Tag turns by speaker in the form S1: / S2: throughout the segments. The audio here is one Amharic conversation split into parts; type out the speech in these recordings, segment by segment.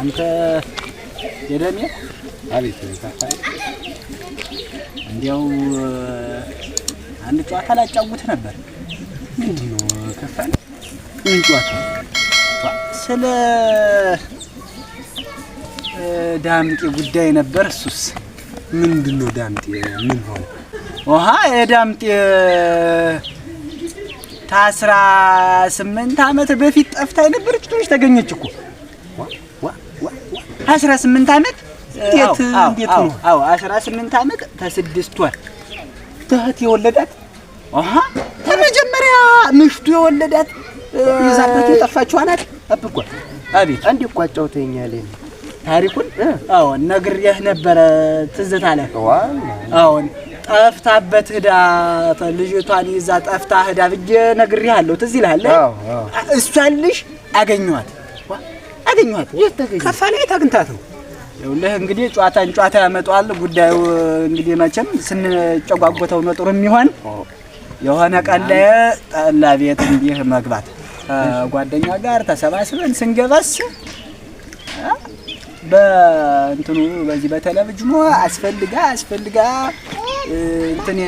S1: አንተ የለም አቤት እንዲያው አንድ ጨዋታ ላጫውት ነበር።
S2: ምንድን ነው ምን ጨዋታ?
S1: ስለ ዳምጤ ጉዳይ ነበር። እሱስ
S2: ምንድን ነው? ዳምጤ ምን ሆነ?
S1: ውሃ የዳምጤ ስምንት አመት በፊት ጠፍታ የነበረች ትንሽ ተገኘች እኮ አስራ ስምንት ውጤት እንዴት ነው? አዎ አስራ ስምንት ዓመት ከስድስት ወር
S2: እህት የወለዳት ተመጀመሪያ ምሽቱ የወለዳት ይዛበት የጠፋችው አናት አብርኳ አቤት
S1: እንዲህ እኮ አጫውተኸኛል። ታሪኩን አዎ ነግሬህ ነበረ። ትዝታ ላይ አዎን ጠፍታበት ህዳ ልጅቷን ይዛ ጠፍታ ህዳ ብዬ ነግሬሃለሁ። ትዝ ይልሃል። እሷን ልጅ አገኘኋት አገኘኋት
S2: ከፋ ላይ ታግንታት ነው
S1: ይኸውልህ እንግዲህ ጨዋታን ጨዋታ ያመጣዋል። ጉዳዩ እንግዲህ መቼም ስንጨጓጎተው ነው ጥሩ የሚሆን። የሆነ ቀን ላይ ጠላ ቤት እንዲህ መግባት ጓደኛ ጋር ተሰባስበን ስንገባስ በእንትኑ በዚህ በቴሌቪዥኑ አስፈልጋ አስፈልጋ እንትን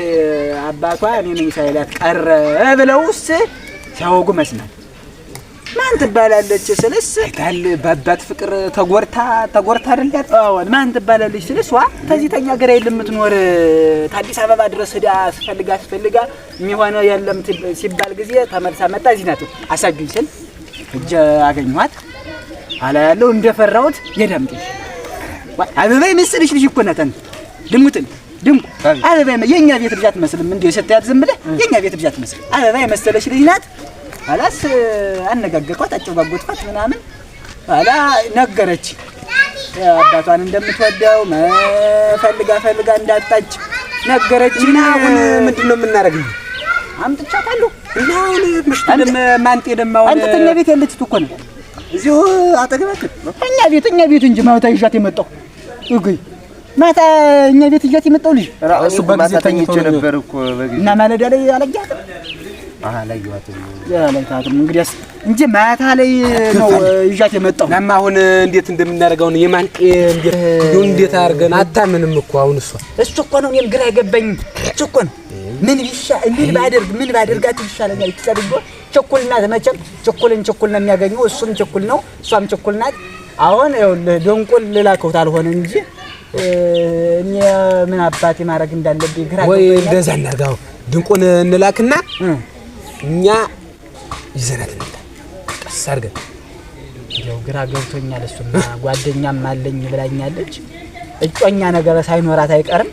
S1: አባቷ እኔ ነኝ ሳይላት ቀረ ብለውስ ሲያወጉ መስማት ማን ትባላለች ስልስ
S2: ታል በአባት ፍቅር ተጎርታ ተጎርታ አይደል?
S1: አዎን። ማን ትባላለች ስልስ ዋ ተዚህተኛ ገራ የለም የምትኖር ታዲስ አበባ ድረስ ሄዳ አስፈልጋ አስፈልጋ የሚሆነ የለም ሲባል ጊዜ ተመልሳ መጣ። እዚህ ናት አሳጁኝ ስል እጀ አገኘኋት። አላ ያለው እንደፈራሁት የዳምጤ
S2: አበባይ ይመስልሽ ልጅ እኮ ናት ድምጥን ድምቁ
S1: አበባይ የኛ ቤት ልጅ አትመስልም። እንዴ ሰጣያት ዝም ብለህ የኛ ቤት ልጅ አትመስልም። አበባይ መሰለሽ ልጅ ናት አላስ አነጋገርኳት፣ አጨጓጎጥኳት ምናምን አላ ነገረች አባቷን እንደምትወደው ፈልጋ ፈልጋ እንዳጣች ነገረች። እና አሁን ምንድን ነው የምናደርገው?
S2: አምጥቻታለሁ
S1: እና አሁን ምሽቱንም ማንጤ ደማው
S2: አንተ ተኛ ቤት ያለችት እኮ ነው
S1: እዚሁ አጠገባችን
S2: እኛ ቤት እኛ ቤት እንጂ ማታ ይዣት የመጣው እግይ ማታ እኛ ቤት ይዣት የመጣው ልጅ
S1: እሱ በጊዜ ተኝቼ ነበር እኮ
S2: እና ማለዳ ላይ አላያትም አላየኋትም እንግዲህ እንጂ ማታ ላይ ነው ይዣት የመጣሁ
S1: እና አሁን እንዴት እንደምናደርገው የማንቄ እንዴት አድርገን አታምንም እኮ አሁን እሷ
S2: እሱ እኮ ነው እኔም ግራ የገባኝ እሱ እኮ ነው ምን ቢሻ- ምን ባደርግ ምን ባደርጋት ይሻለኛል? ተሰድጎ ቸኩል ናት። መቼም ቸኩልን ቸኩል ነው የሚያገኘው። እሱም ቸኩል ነው፣ እሷም ቸኩል ናት። አሁን ይኸውልህ ደንቆል ልላከውት አልሆነ እንጂ እኔ ምን አባቴ ማድረግ እንዳለብኝ
S1: ግራ ወይ እንደዛ እናድርግ። ድንቁን እንላክና እኛ ይዘናት ቀስ አድርገን
S2: ግራ ገብቶኛል። እሱማ ጓደኛም አለኝ ብላኛለች። እጮኛ ነገር ሳይኖራት አይቀርም።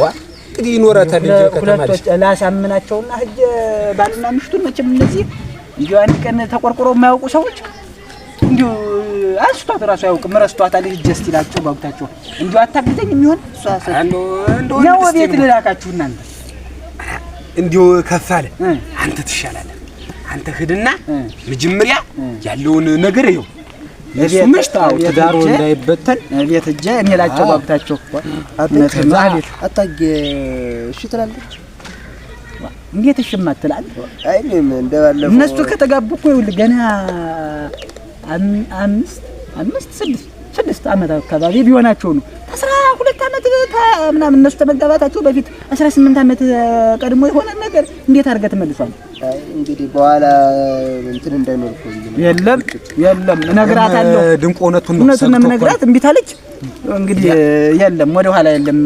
S1: ዋ ይኖራታል።
S2: ሁለቶች ላሳምናቸውና ባልና ምሽቱን መቼም እነዚህ አንድ ቀን ተቆርቁሮ የማያውቁ ሰዎች እንዲሁ አንስቷት እራሱ አያውቅም። ረስቷታል። እስቲ ላቸው ባጉታቸው እንዲሁ አታግዘኝ የሚሆን ነው ቤት ልላካችሁ እናንተ
S1: እንዲው ከፍ አለ። አንተ ትሻላለህ። አንተ ሂድና መጀመሪያ ያለውን ነገር ይኸው እሱ መሽታው ትዳሩ እንዳይበተን
S2: ቤት እጀ እኔ ላቸው ባብታቸው እኮ አጥተና አጣጌ እሺ ትላለች። እንዴት እነሱ ከተጋቡ እኮ ይኸውልህ ገና አምስት አምስት ስድስት ስድስት ዓመት አካባቢ ቢሆናቸው ነው። አስራ ሁለት ዓመት ምናምን እነሱ ተመጋባታቸው በፊት አስራ ስምንት ዓመት ቀድሞ የሆነ ነገር እንዴት አድርገህ ትመልሷል?
S1: እንግዲህ በኋላ እንትን እንዳይኖርኩ
S2: የለም የለም፣ እነግራታለሁ። ድንቅ እውነቱን ነው የምነግራት። እምቢ ታለች እንግዲህ የለም፣ ወደ ኋላ የለም።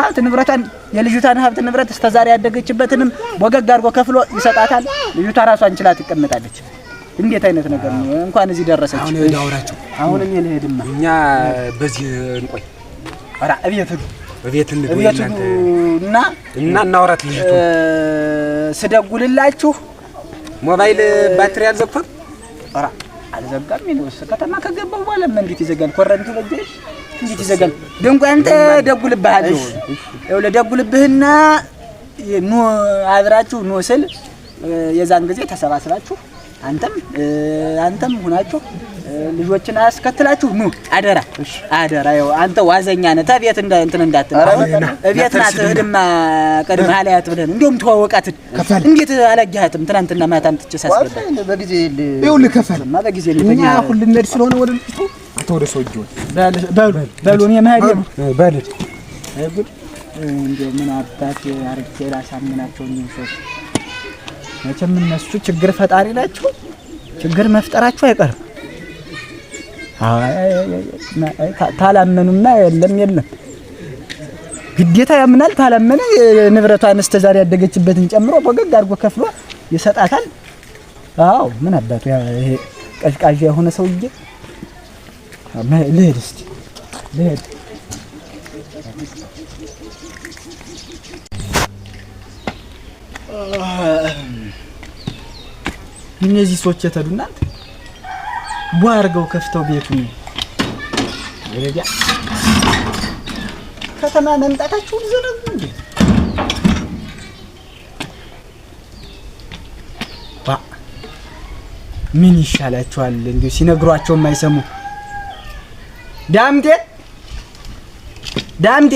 S2: ሀብት ንብረቷን የልጅቷን ሀብት ንብረት እስከ ዛሬ ያደገችበትንም ወገግ አድርጎ ከፍሎ ይሰጣታል። ልጅቷ ራሷን ችላ ትቀመጣለች። እንዴት አይነት ነገር ነው? እንኳን እዚህ ደረሰች። አሁን ሄድ አሁን እኔ ልሄድማ።
S1: እኛ በዚህ እንቆይ። ኧረ እቤት ሂዱ፣ እቤት ሂዱ
S2: እና
S1: እና እናውራት። ልጅቱ
S2: ስደውልላችሁ
S1: ሞባይል ባትሪ አልዘግቷል።
S2: ኧረ አልዘጋም። ይልውስ ከተማ ከገባሁ በኋላ ምን እንዴት ይዘጋል? ኮረንቱ በጀሽ እንዴት ይዘጋል? ደንቆ አንተ ደውልብሃለሁ። ይኸውልህ ደውልብህና ኑ አድራችሁ ኑ ስል የዛን ጊዜ ተሰባስባችሁ አንተም አንተም ሁናችሁ ልጆችን አያስከትላችሁ ኑ፣ አደራ አደራ። ያው አንተ ዋዘኛ ነህ፣ ቤት እንደ እንትን እንዳትል። ቤት ናት እህድማ ቀድማ አለያት ብለን እንደውም ተዋወቃትን። እንዴት አላየሃትም? ትናንትና ማታ አምጥቼ
S1: ሳስገባ በጊዜ
S2: ይኸውልህ፣ ከፈል በጊዜ እኛ አሁን ልንሄድ ስለሆነ ወደ ልጅቱ አንተ ወደ ሰው እጅ በል በል በል እኔ መሄድ ነው በል። እንደው ምን አባት አርጌ ላሳምናቸው እንጂ ሰው መቼም እነሱ ችግር ፈጣሪ ናቸው። ችግር መፍጠራቸው አይቀርም። ታላመኑማ የለም የለም ግዴታ ያምናል። ታላመነ ንብረቷን እስከ ዛሬ ያደገችበትን ጨምሮ በገግ አድርጎ ከፍሎ ይሰጣታል። አዎ ምን አባቱ ይሄ ቀዥቃዥ የሆነ ሰውዬ ልሄድ እስኪ ልሄድ እነዚህ ሰዎች የተዱ እናንተ ቦ አድርገው ከፍተው ቤቱን ወለዲያ ከተማ መምጣታችሁን ዘነጉ። እንዴት ምን ይሻላችኋል? እንዲሁ ሲነግሯቸው የማይሰሙ ዳምጤ ዳምጤ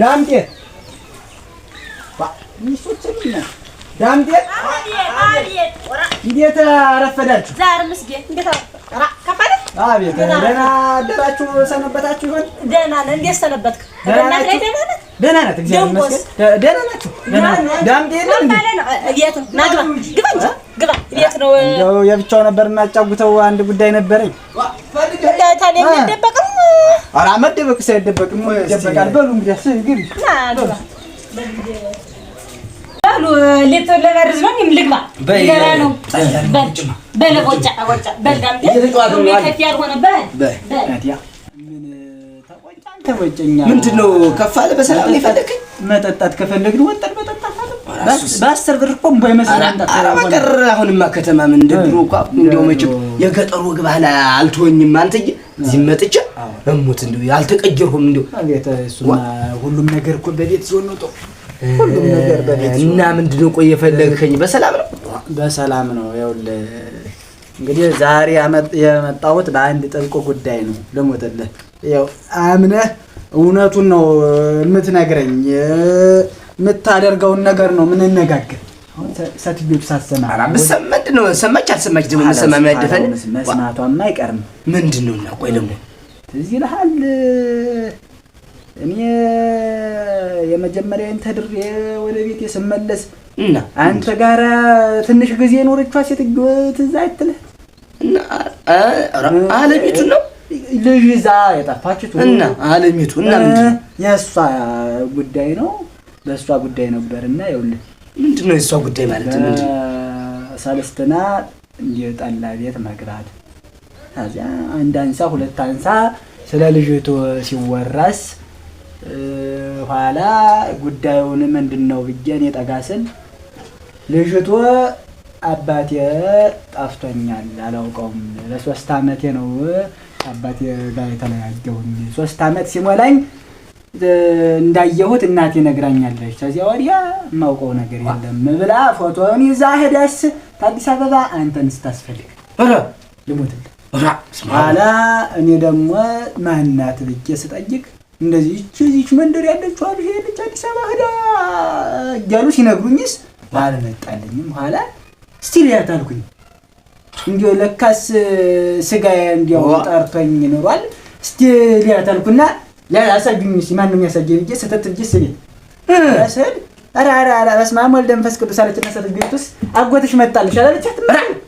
S2: ዳምጤ እንዴት አረፈዳችሁ?
S1: አቤት ደህና አደራችሁ ሰነበታችሁ ይሆን?
S3: ደህና ነን። እንዴት ሰነበትክ? ደህና ናት። እግዚአብሔር ይመስገን ደህና ናችሁ። ግባ
S1: የብቻው ነበር የማጫውተው አንድ ጉዳይ ነበረኝ። ኧረ መደበቅ ሳይደበቅም ይደበቃል። በሉ እንግዲህ
S3: ግቢ በሉ ሌቶ ለበርዝ ነው እኔም ልግባ ነው። በል ቆጫ ቆጫ በል
S1: ምንድን ነው ከፍ አለ። በሰላም ነው መጠጣት ከፈለግን ወጠን መጠጣት በአስር ብር እኮ አሁንማ ከተማ ምን እንደ ድሮ እኮ እንደው መቼም የገጠሩ ወግ ባህል አልተወኝም አንተዬ እዚህ መጥቼ እሙት እንዲሁ አልተቀየርኩም። እንዲሁ
S2: ሁሉም ነገር እኮ በቤት ሲሆን ነው ጥሩ። ሁሉም ነገር በቤት
S1: እና ምንድን ቆይ የፈለግከኝ? በሰላም ነው በሰላም ነው። ይኸውልህ እንግዲህ ዛሬ የመጣሁት በአንድ ጥልቅ ጉዳይ ነው። ልሞትልህ
S2: ያው አምነህ እውነቱን ነው የምትነግረኝ፣ የምታደርገውን ነገር ነው ምንነጋገር ሴትዮቱ ሳሰማ አይቀርም።
S1: ምንድን ነው እና ቆይ ደግሞ
S2: ትዝ ይልሃል እኔ የመጀመሪያዬን ተድሬ ወደ ቤት ስመለስ አንተ ጋራ ትንሽ ጊዜ የኖረችዋ ሴትዮ ትዝ አይትልህ?
S1: አለሚቱ ነው
S2: ልጅ ይዛ የጠፋችቱ
S1: እና አለሚቱ እና
S2: የእሷ ጉዳይ ነው በእሷ ጉዳይ ነበር እና ይኸውልህ
S1: ምንድን ነው የእሷ ጉዳይ ማለት ምንድን
S2: ሰለስትና የጠላ ቤት መግባት ከዚያ አንድ አንሳ ሁለት አንሳ ስለ ልጅቱ ሲወራስ ኋላ ጉዳዩን ምንድን ነው ብዬ እኔ ልጅቱ አባቴ ጠፍቶኛል፣ አላውቀውም። ለሶስት አመቴ ነው አባቴ ጋር የተለያየሁኝ። ሶስት አመት ሲሞላኝ እንዳየሁት እናቴ ነግራኛለች። ከዚያ ወዲያ የማውቀው ነገር የለም ብላ ፎቶውን ይዛ ሄዳስ ታዲስ አበባ አንተን ስታስፈልግ ልሞትል ኋላ እኔ ደግሞ ማናት ብዬ ስጠይቅ እንደዚህ ይቺ መንደር ያለችው አሉ ሄደች አዲስ አበባ ሄዳ እያሉ ሲነግሩኝስ አልመጣልኝም። ኋላ ስቲል ልያት አልኩኝ። እንዲሁ ለካስ ስጋዬ እንዲያው ጠርቶኝ ይኖሯል። ስቲል ልያት አልኩና ያሳግኝ እስኪ ማን ነው የሚያሳየኝ ብዬሽ ሰተት ብዬሽ ስቤት ስሄድ ኧረ ኧረ ኧረ በስመ አብ ወልድ መንፈስ ቅዱስ አለችና ሰተት ቤት ውስጥ አጎትሽ መጣልሽ አላለቻት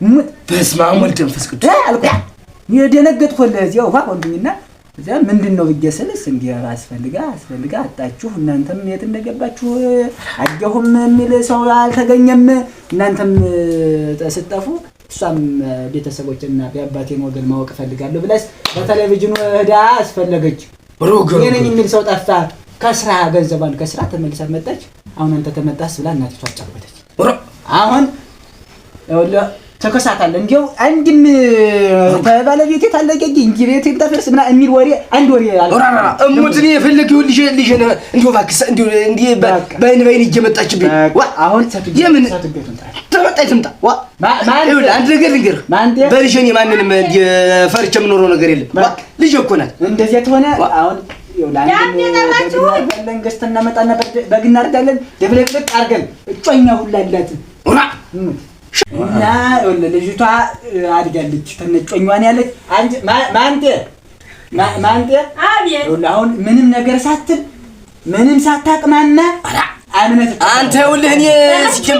S1: እሙት በስመ አብ ወልድ መንፈስ
S2: ቅዱስ የደነገጥኩ ውሃ ሆንኩኝና እዚያ ምንድን ነው አስፈልጋ አስፈልጋ አጣችሁ እናንተም የት እንደገባችሁ አየሁም የሚል ሰው አልተገኘም እናንተም ስትጠፉ እሷም ቤተሰቦችና የአባቴን ወገን ማወቅ እፈልጋለሁ ብለሽ በቴሌቪዥኑ እህዳ አስፈለገች የኔን የሚል ሰው ጠፋ። ከስራ ገንዘቧን ከስራ ተመልሳ መጣች። አሁን አንተ ተመጣስ ብላ እናቲቱ አጫወተች። አሁን ተከሳታለ እንዲው አንድም ባለቤቴ ታለቀቂ እንጂ ቤቴ ተፈርስ ምና የሚል ወሬ አንድ ወሬ አለ።
S1: እሙት ነው የፈለገው ልጅ ልጅ ነው እንዲው ባክስ እንዲው እንዲህ በይን በይን እየመጣችብኝ አሁን የምን የመጣ ትምጣ። አንድ ነገር ልንገርህ፣ በልጄ እኔ ማንንም ፈርቼ የምኖረው ነገር የለም። ልጄ እኮ ናት።
S2: እንደዚያ ተሆነ አሁን ለንገስት እናመጣና በግ እናርዳለን፣ ደብለቅለቅ አድርገን እጮኛ ሁላ አላት እና ልጅቷ አድጋለች።
S3: ያለች
S2: አሁን ምንም ነገር ሳትል ምንም ሳታቅማማ
S1: አንተ ሲችም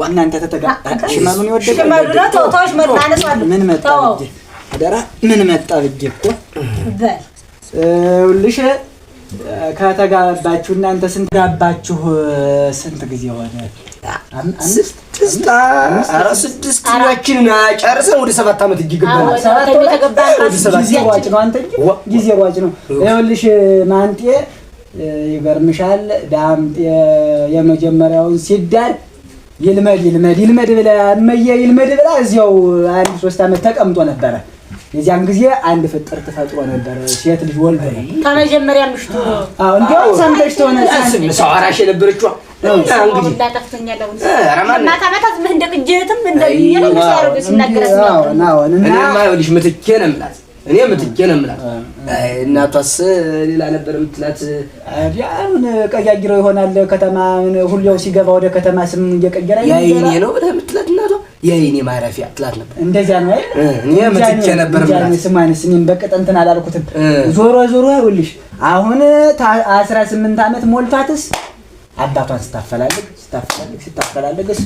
S2: ዋና አንተ ተተጋጣሽ ሽመሉን
S3: ይወደደ ሽመሉና ተውታሽ መናነስ
S2: ምን መጣ ብዬ አደራ ምን መጣ ብዬ እኮ በል ከተጋባችሁ እናንተ ስንት ጋባችሁ? ስንት ጊዜ ሆነ?
S1: አምስት ስድስት ጊዜያችንን ጨርሰን ወደ ሰባት ዓመት እጅ
S3: ጊዜ
S2: ነው። ይኸውልሽ ማንጤ ይገርምሻል። ዳምጤ የመጀመሪያውን ሲዳር ይልመድ ይልመድ ይልመድ ብላ እመዬ ይልመድ ብላ እዚያው አንድ ሶስት ዓመት ተቀምጦ ነበረ። የዚያን ጊዜ አንድ ፍጥር ተፈጥሮ ነበር። ሴት ልጅ ወልዶ
S3: ከመጀመሪያ ምሽቱ
S2: አዎ፣ እንዲያው ሰምተሽ ትሆነ
S1: ሰው አራሽ የነበረችዋ ምትኬ ነው የምላት እኔ ምትጀ ነው የምላት። እናቷስ ሌላ ነበር የምትላት።
S2: አሁን ቀያጊሮ ይሆናል ከተማ ሁሌው ሲገባ ወደ ከተማ ስም እየቀየረ
S1: ያይኔ ነው ብለህ የምትላት እናቷ ያይኔ ማረፊያ ትላት ነበር። እንደዚያ ነው እኔ ምትጀ ነበር
S2: የምላት። ስማንስ እኔም በቅጥ እንትን አላልኩትም። ዞሮ ዞሮ ይኸውልሽ አሁን አስራ ስምንት ዓመት ሞልቷትስ አባቷን ስታፈላልግ ስታፈላልግ ስታፈላልግስ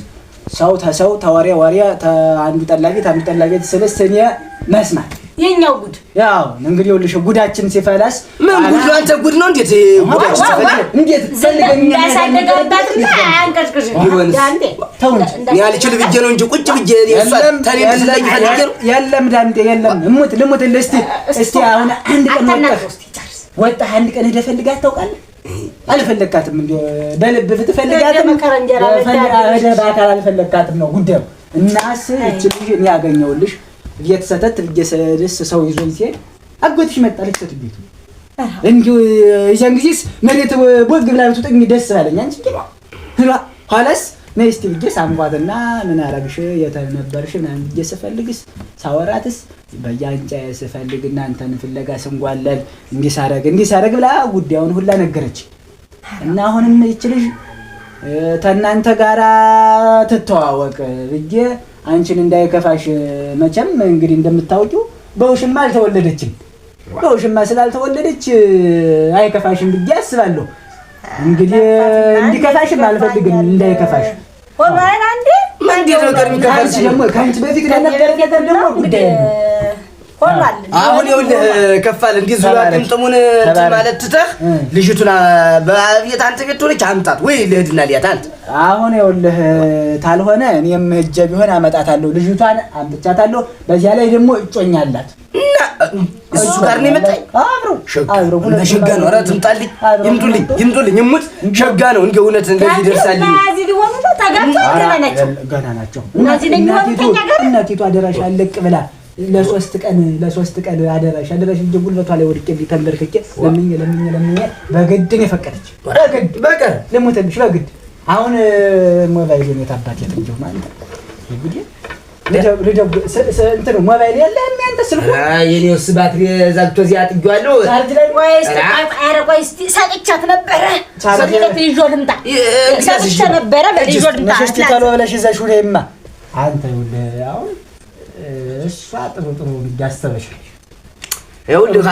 S2: ሰው ተሰው ተወሬ ወሪያ ተአንዱ ጠላ ቤት አንዱ ጠላ ቤት ስልስ እኔ መስማት የኛው ጉድ ያው እንግዲህ ይኸውልሽ ጉዳችን ሲፈላስ
S1: ምን ጉድ አንተ ጉድ ነው እንዴት ጉዳችን ሲፈላስ እንዴት ነው እንጂ ቁጭ ብዬ
S2: የለም ዳንዴ የለም እሙት ልሙትልህ እስቲ እስቲ አሁን አንድ ቀን ወጣህ አንድ ቀን ሄደህ ፈልጋት ታውቃለህ አልፈለካትም እንደ በልብ ብትፈልጋትም ሄደህ በአካል አልፈለካትም ነው ጉዳዩ እናስ እቺ እኔ ያገኘሁልሽ ቤት ሰተት ብዬሽ ሰው ይዞ ሲሄድ አጎትሽ መጣለች ሰት ቤቱ እንዲሁ እዚያን ጊዜስ መሬት ቦግ ብላ ብትውጠኝ ደስ ባለኝ። አንቺ እንዲ ኋላስ ነይ እስቲ ብዬሽ ሳምኳትና ምን አረግሽ የተነበርሽ ምናምን ብዬሽ ስፈልግስ ሳወራትስ በያንጫ ስፈልግ እናንተን ፍለጋ ስንጓለል እንዲህ ሳረግ እንዲህ ሳረግ ብላ ጉዳዩን ሁላ ነገረች። እና አሁንም ይችልሽ ተናንተ ጋራ ትተዋወቅ ብዬ አንቺን እንዳይከፋሽ መቼም እንግዲህ እንደምታውቂው በውሽማ አልተወለደችም። በውሽማ ስላልተወለደች አይከፋሽም ብዬ አስባለሁ። እንግዲህ እንዲከፋሽም አልፈልግም። እንዳይከፋሽ
S3: ወባይና እንዴ
S1: መንገድ ነገር
S2: ከአንቺ በፊት ለነበረ ነገር ደግሞ ጉዳይ ነው
S1: አሁን ይኸውልህ ከፋል እንዲህ ዙላ ጥምጥሙን ማለት ትተህ ልጅቱን በቤት አንተ ቤት ሆነች አምጣት ወይ ልሂድና ልያት አንተ
S2: አሁን ይኸውልህ ታልሆነ እኔም እጀ ቢሆን አመጣታለሁ። ልጅቷን አምጥቻታለሁ። በዚያ ላይ ደግሞ እጮኛላት
S1: እና እሱ ጋር ነው የመጣኝ። ሸጋ ነው። ኧረ ትምጣልኝ፣ ይምጡልኝ፣ ይምጡልኝ። እሙት ሸጋ ነው። እንደ እውነት
S3: እንደዚህ ይደርሳልኝ።
S2: ገና ናቸው። እናቴቷ አደራሽ አለቅ ብላ ለሶስት ቀን ለሶስት ቀን አደራሽ አደራሽ እንጂ ጉልበቷ ላይ ወድቄ ተንበርክኬ ለምኜ ለምኜ ለምኜ በግድ ነው የፈቀደች።
S1: በግድ በቀር
S2: ልሞተልሽ በግድ አሁን ሞባይል የታባት ማለት እንግዲህ እንትን ሞባይል ስልኩ
S3: ቻርጅ ላይ ቆይ እስኪ ነበረ ሰቅቻት ይዞ ልምጣ ነበረ
S2: ይዞ ልምጣ ብለሽ አንተ አሁን እሷ ጥሩ ጥሩ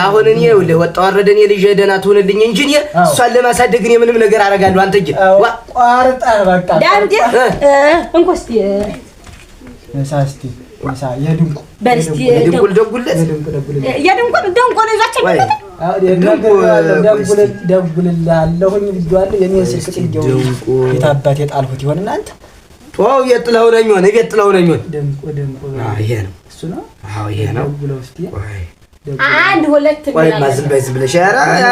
S1: አሁን እኔ ይኸውልህ ወጣ ወረደ ልጅ ደህና ትሆንልኝ እንጂ እኔ እሷን ለማሳደግ እኔ ምንም ነገር አደርጋለሁ። አንተ ግን
S2: ቆርጠህ
S3: በቃ ዳንቴ
S2: እሳስቲ እሳ የድንቁ
S1: የድንቁል ደጉለት
S3: የድንቁል ደንቆል ይዟቸው
S2: ደጉልልሃለሁኝ ብዬዋለሁ። የኔን ስልክ ጥየው የት የጣልሁት ይሆን እናንተ
S1: ተው፣ የት ጥለኸው ነው የሚሆን? እቤት ጥለኸው ነው የሚሆን? ይሄ ነው ነው። አዎ ይሄ ነው ብለው አንድ ሁለት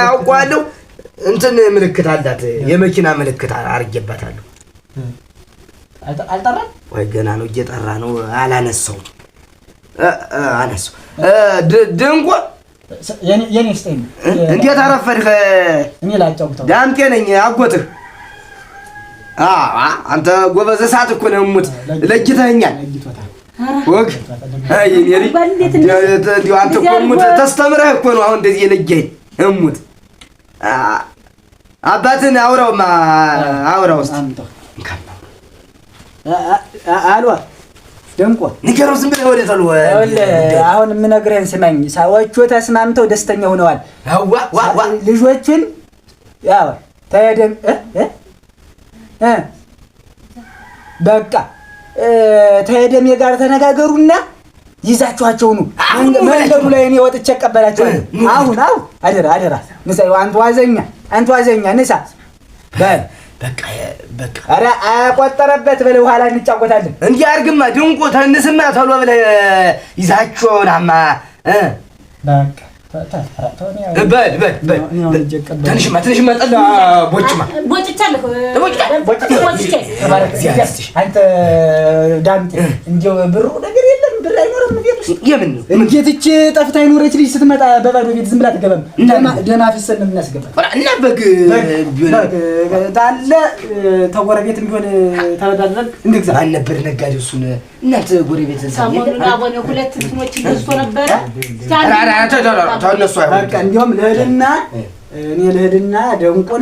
S1: አውቀዋለሁ። እንትን ምልክት አላት፣ የመኪና ምልክት አድርጌባታለሁ። አልጠራም ወይ? ገና ነው፣ እየጠራ ነው። አላነሳውም። አነሳው ድንቆ እንዴት አረፈድህ? ዳምጤ ነኝ አጎትህ። አንተ ጎበዝ እሳት እኮ ነው የሙት ለጅተኸኛል። ወግ አንተ እኮ እሙት ተስተምረህ እኮ ነው አሁን እንደዚህ የነገኝ እሙት አባትን አውራውማ አውራ ውስጥ
S2: አልዋ ደንቆ
S1: ንገረው። ዝም ብለህ ወደ ተልወ
S2: አሁን የምነግርህን ስማኝ። ሰዎቹ ተስማምተው ደስተኛ ሆነዋል። ልጆቹን ያው ተደን በቃ ተደሜ ጋር ተነጋገሩና ይዛችኋቸው ነው መንገዱ ላይ እኔ ወጥቼ እቀበላቸዋለሁ። አሁን አሁን አደራ አደራ፣ ንሳ አንተ ዋዘኛ፣ አንተ ዋዘኛ ንሳ። በቃ በቃ፣ ኧረ አቆጠረበት በለው፣ ኋላ እንጫወታለን።
S1: እንዲህ አድርግማ ድንቁ ተንስማ፣ ቶሎ ብለህ ይዛቸውናማ በቃ በል ቦጭማ
S3: ቦጭቻለሁ።
S2: ብሩ ነገር ብር አይኖርም ቤት ውስጥ የምን ነው እንዴት? እቺ ጠፍታ የኖረች ልጅ ስትመጣ በባዶ ቤት ዝም ብላ አትገባም። ደማ ፍሰን ነው የምናስገባት እና በግ አለ ተጎረቤትም ቢሆን ተበዳድረን
S1: እንግዛ አልነበር ነጋዴ እሱን እናንተ ጎረቤት
S3: ሰሞኑን አቦነ ሁለት እንትኖች ገዝቶ ነበረ።
S1: ታዲያ
S2: ታዲያ እኔ ልሂድና ደንቁን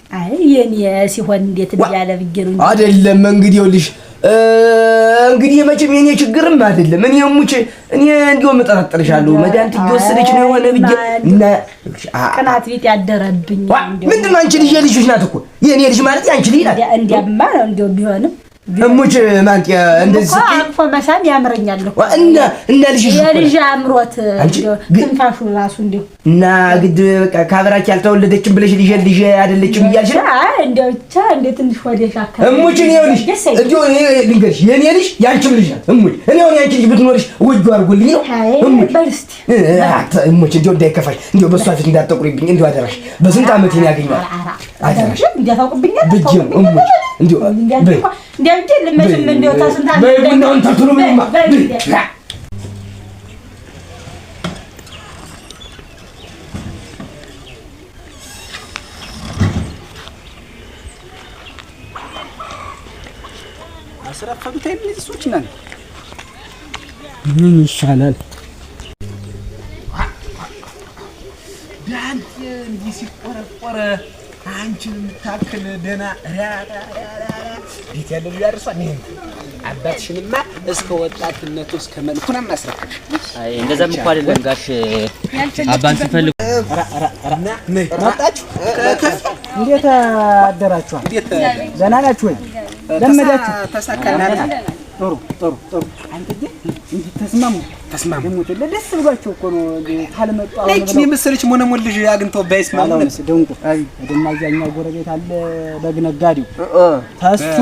S3: የኔ ሲሆን እንዴት እንዲያለ ብጌሩ
S1: አይደለም። እንግዲህ ይኸውልሽ እንግዲህ መቼም የኔ ችግርም አይደለም። እኔ ሙቼ እኔ እንዲሁ መጠራጠርሻለሁ። መድኃኒት እየወሰደች ነው የሆነ ብዬ
S3: ቅናት ቤት ያደረብኝ
S1: ምንድን ነው? አንቺ ልጅ የልጅሽ ናት እኮ የኔ ልጅ ማለት ያንቺ ልጅ
S3: ናት። እንዲያማ ነው እንዲሁ ቢሆንም
S1: እሙች ማንቲያ
S3: እንደዚህ አቅፎ መሳም ያምረኛል
S1: እና እና ልጅ
S3: የልጅ አምሮት ትንፋሹ ራሱ
S1: እንዲሁ እና ግድ በቃ ካብራች ያልተወለደችም ብለሽ ልጅ ልጅ አይደለችም እያልሽ
S3: ነው። አይ እንደው ብቻ እንደ ትንሽ ወደሽ አካባቢ
S1: እሙች ነው ልጅ እንዲሁ ልንገርሽ፣ የኔ ልጅ ያንቺም ልጅ ናት እሙች። እኔ ወኔ ያንቺ ልጅ ብትኖርሽ ወጆ አድርጎልኝ
S3: ነው እሙች። በርስቲ
S1: እሙች እንዲሁ እንዳይከፋሽ እንዲሁ በሷ ፊት እንዳትጠቁሪብኝ እንዲሁ አደራሽ። በስንት አመት ነው ያገኘው አደራሽ
S3: እንዳታውቅብኝ አደራሽ
S1: እሙች እንዲሁ
S3: ደብድል መቼም እንደው ተስንታን
S1: በይቡናን ተትሉምማ
S2: ምን ይሻላል?
S1: ዳንቴ እንዲህ ሲቆረቆረ አንቺን የምታክል ደህና ቤት ያለ ልጅ አድርሷል። ይሄን አባትሽንማ እስከ ወጣትነቱ እስከ መልኩን አማስረክሽ።
S2: አይ እንደዛም እኮ አይደለም ጋሽ አባን ሲፈልጉ መጣችሁ። እንዴት አደራችኋል? ደህና ናችሁ ወይ? ለመዳችሁ? ተሳካና ጥሩ ጥሩ ጥሩ አንተ ተስማሙ ተስማሙ። ሞት ለደስ ብሏቸው እኮ ነው
S1: ካልመጡ አሁን የመሰለች ሞነ ሞን ልጅ አግኝተው
S2: ባይስማሙ ደንቁ አይ ደማ እዚያኛው ጎረቤት አለ በግ ነጋዴው ተሱ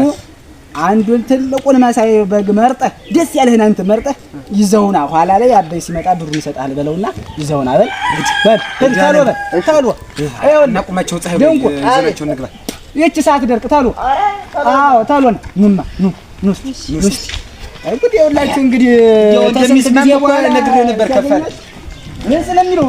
S2: አንዱን ትልቁን መሳይ በግ መርጠህ ደስ ያለህን አንተ መርጠህ ይዘውና ኋላ ላይ አበይ ሲመጣ ብሩን ይሰጣል በለውና ይዘውና በል በል ታሎ በል ታሎ
S1: አይወል ነቁማቸው ፀሐይ ደንቁ ዘረቸው ንግባ ይህች ሰዓት ደርቅ ታሎ
S2: አዎ ታሎ ነው ኑማ ኑ ኑ ኑ እንግዲህ ይኸውላችሁ እንግዲህ
S1: እንደሚስማማ በኋላ ነግሬህ ነበር። ከፈለ ምን ስለሚለው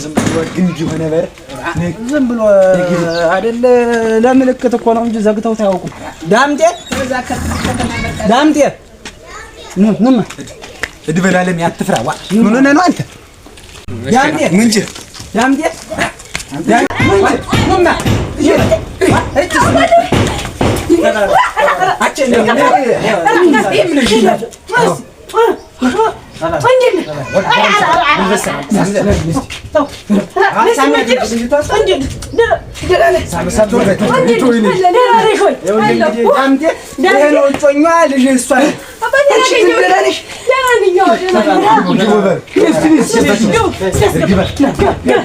S1: ዝም ብሎ ግንድ የሆነ በር
S2: ዝም ብሎ አይደለ ለምልክት እኮ ነው እንጂ ዘግተውት አያውቁም። ዳምጤ ዳምጤ ምን
S1: እድበላለም ያትፍራ ምን ሆነህ ነው አንተ? Yandı. Mıncı.
S2: Yandı. Yandı. Mıncı. Mumma. Yürü. Hadi.
S1: Açın. Ne? Ne? Ne? Ne?
S3: Ne? Ne? Ne? Ne? Ne?
S1: ልጅ
S3: እሷ